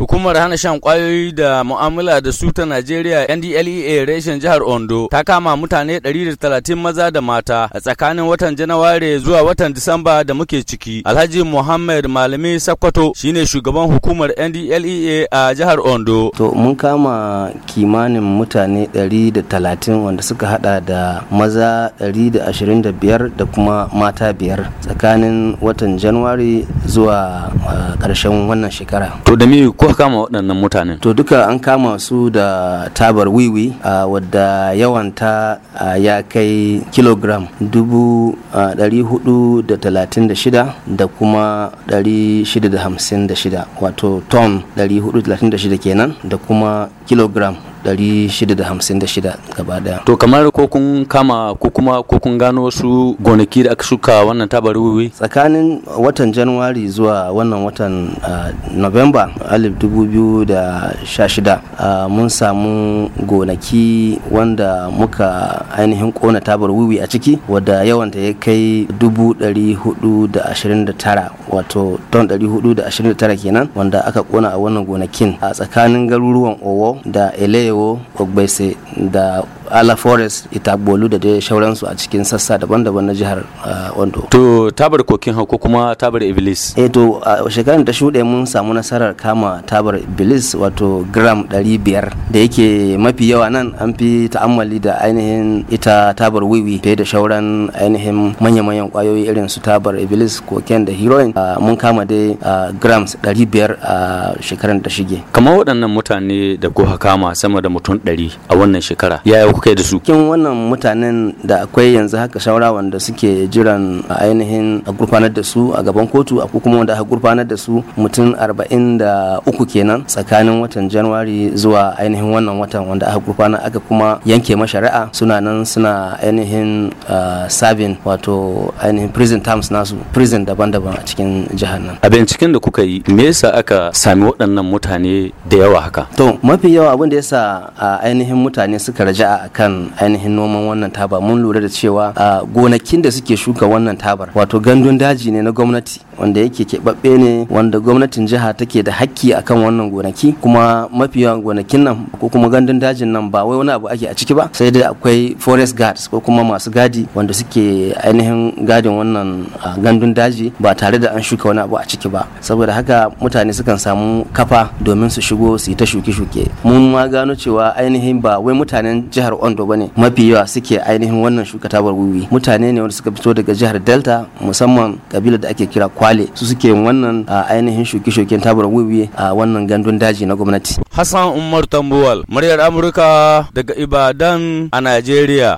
Hukumar hana shan kwayoyi da mu'amala da su ta Najeriya NDLEA reshen jihar Ondo ta kama mutane 130 maza da mata a tsakanin watan Janaware zuwa watan Disamba da muke ciki. Alhaji Muhammad Malami Sakkwato shine shugaban hukumar NDLEA a jihar Ondo. To mun kama kimanin mutane 130 wanda suka hada da maza 125 da kuma mata biyar tsakanin watan Janaware zuwa ƙarshen wannan shekara. To da me kuka kama waɗannan mutanen to duka an kama su da tabar wiwi uh, wadda yawanta uh, ya kai kilogram dubu uh, dari hudu da talatin da shida da kuma dari shida da hamsin da shida wato ton dari hudu talatin da shida kenan da kuma kilogram 656 gaba daya to kamar ko kun kama ko kuma ko kun gano wasu gonaki da aka shuka wannan tabar wiwi tsakanin watan januwari zuwa wannan watan ah, november 2016 ah, mun samu gonaki wanda muka ainihin kona tabar wiwi a ciki wadda yawanta ya kai 429 wato ton 429 kenan wanda aka kona a wannan gonakin a tsakanin garuruwan owo da ele o gbese pues, da ala forest ita bolu da dai shauransu a cikin sassa daban-daban na jihar uh, ondo to tabar kokin ko kuma tabar iblis eh to shekarar ta shuɗe mun samu nasarar kama tabar iblis wato gram 500 da yake mafi yawa nan an fi ta'ammali da ainihin ita tabar wiwi fiye da shauran ainihin manya-manyan kwayoyi irin su tabar iblis koken da heroin mun kama dai grams 500 a shekarar da shige kamar waɗannan mutane da ko kama sama da mutum 100 a wannan shekara yaya kuka yi da su kin wannan mutanen da akwai yanzu haka shawara wanda suke jiran ainihin a gurfanar da su a gaban kotu a kuma wanda aka gurfanar da su mutum arba'in da uku kenan tsakanin watan januwari zuwa ainihin wannan watan wanda aka gurfanar aka kuma yanke mashari'a suna nan suna ainihin ah, sabin wato ainihin prison terms nasu prison daban-daban a cikin jihar nan a binciken da kuka yi me yasa aka sami waɗannan mutane da yawa haka to mafi yawa abin da yasa ah, ainihin mutane suka raja'a a kan ainihin noman wannan taba mun lura da cewa gonakin da suke shuka wannan tabar wato gandun daji ne na gwamnati wanda yake keɓaɓɓe ne wanda gwamnatin jiha take da hakki akan wannan gonaki kuma mafi yawan gonakin nan ko kuma gandun dajin nan ba wai wani abu ake a ciki ba sai dai akwai forest guards ko kuma masu gadi wanda suke ainihin gadin wannan gandun daji ba tare da an shuka wani abu a ciki ba saboda haka mutane sukan samu kafa domin su shigo su yi ta shuke-shuke mun ma gano cewa ainihin ba wai mutanen jihar ondo bane mafi yawa suke ainihin wannan shuka tabar wiwi mutane ne wanda suka fito daga jihar delta musamman kabilar da ake kira kwale su suke wannan ainihin shuke-shuken tabar wiwi a wannan gandun daji na gwamnati hassan umar tambuwal muryar amurka daga ibadan a najeriya